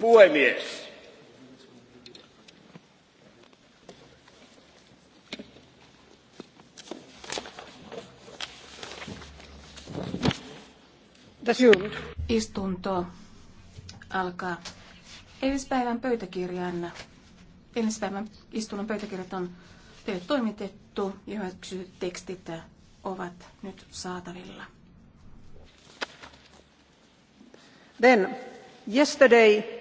Puhemies. Istunto alkaa. Eilispäivän pöytäkirjan, eilispäivän istunnon pöytäkirjat on teille toimitettu ja hyväksytyt tekstit ovat nyt saatavilla. Then yesterday